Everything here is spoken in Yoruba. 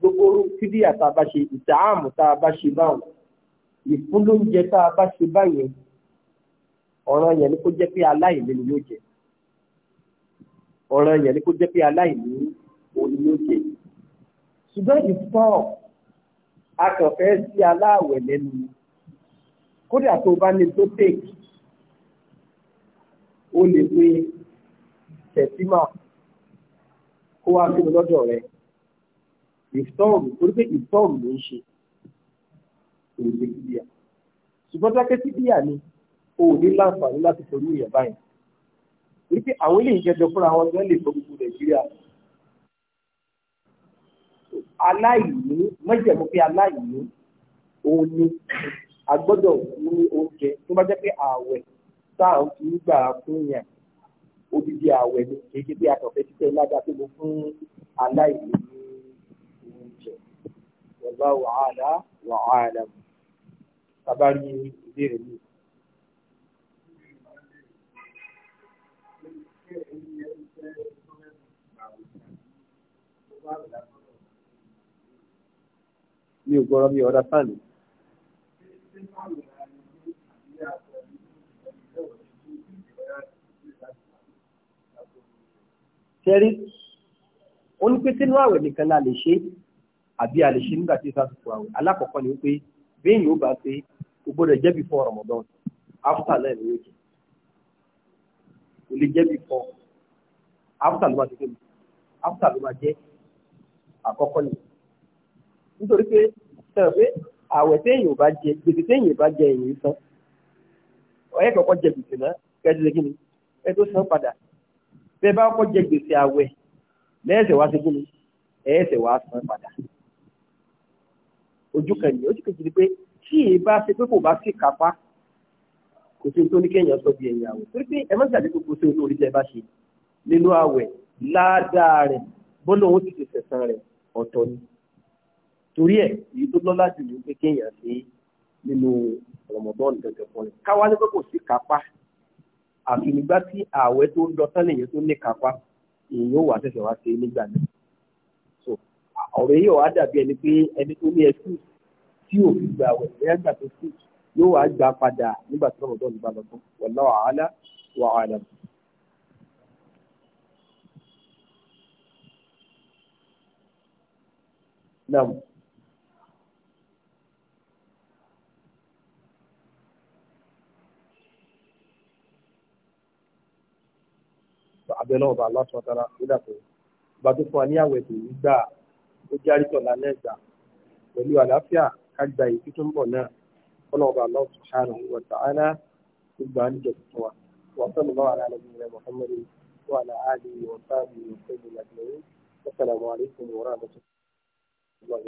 gbogbo orú fídíà tá a bá ṣe ìtààmù tá a bá ṣe báwọn ìfúnlóúnjẹ tá a bá ṣe báyẹn ọ̀ràn yẹn ni kó jẹ́ pé aláìní ni yóò jẹ ọ̀ràn yẹn ni kó jẹ́ pé aláìní òní yóò jẹ ṣùgbọ́n ìfọ́ akọ̀fẹ́ sí aláàwẹ̀ lẹ́nu kódà tó bá ní tó tèkì ó lè pe tẹ̀símà kó wá sí lọ́dọ̀ rẹ̀ ìfọ́ọ̀rù torí pé ìfọ́ọ̀rù ló ń ṣe òun lè fi bíyà ṣùgbọ́n dákẹ́ sí bíyà ni òun ní láǹfààní láti pẹ̀lú ìyẹn báyìí torí pé àwọn ilé ìjẹjọ fúnra wọn gan lè sọ gbogbo nàìjíríà aláìní mọ́jẹ̀mú pé aláìní òun ni a gbọ́dọ̀ ní oúnjẹ tó bá jẹ́ pé ààwẹ̀ tá à ń fi gbà fún yàn odidi ààwẹ̀ ni kéèké bí akọ̀fẹ́ títẹ̀ lágbàá tó lọ fún aláìní wallahu a'la wa a'lam tabari ìbéèrè mi. mi ò gbọ́rọ̀ mi ọ̀dà sáàlì. ṣe rí ó ní pé sínú àwẹ̀ nìkan la lè ṣe é àbí a lè ṣe nígbà tí ìfà sùkú àwẹ̀ alákọ̀ọ́kọ́ ni wípé bẹ́ẹ̀ yóò bá pé o gbọ́dọ̀ jẹ́ before Ramadan after náà ni yóò jẹ́ o lè jẹ́ before after ló máa ti kébi after ló máa jẹ́ àkọ́kọ́ ni nítorí pé sọ̀rọ̀ pé àwẹ̀ téèyàn bá jẹ gbèsè téèyàn bá jẹ èyí san ọ̀yẹ́ kọ̀ọ̀kan jẹ gbèsè náà kẹ́tù lé kíni ẹ tó san padà bẹ́ẹ̀ bá kọ́ jẹ gbèsè àwẹ̀ lẹ́ẹ̀sẹ̀ wá sí kíni ẹ̀ẹ́sẹ̀ wá san padà ojú kan nìyẹn ojú kejì ni pé tí èyí bá ṣe pé kò bá sí kápá kò sí tó ní kéèyàn sọ bí ẹ̀yìn àwẹ̀ torí pé ẹ má ṣàdé gbogbo sí olórí tẹ́ bá ṣe nínú àwẹ̀ ládàá rẹ̀ bọ́lá òun ti ṣẹ̀ṣẹ̀ san rẹ̀ ọ̀tọ̀ ni torí ẹ̀ èyí tó lọ́lá jù ní pé kéèyàn ṣe nínú Ramadan gẹ́gẹ́ fún rẹ̀ káwá ní pé kò sí kápá àfi nígbà tí àwẹ̀ tó ń lọ tán lèyìn tó ní kápá èyí ó wà ṣẹ̀ṣẹ̀ wá ṣe nígbà náà ọ̀rọ̀ yìí wàá dàbí ẹni pé ẹni tó ní ẹsùn tí ò fi gbà wẹ̀ ẹ̀yà gbà tó sùn yóò wàá gbà padà nígbà tí ọmọdé ọ̀nà bá lọ tán wallahu a'la wa a'lam. Nam. aláṣọ tara nígbà tó bá tó fún wa ní àwẹ̀ tó ń gbà ó járí tọ̀lá náà gbà pẹ̀lú àlàáfíà kágbà èyí tó ń bọ̀ náà ọlọ́ọ̀bà Allah subhanahu wa ta'ala gbogbo àlejò tuntun wa sallallahu ala nabiyyina Muhammadin wa ala alihi wa sahbihi wa sallam ajma'in assalamu alaikum wa rahmatullahi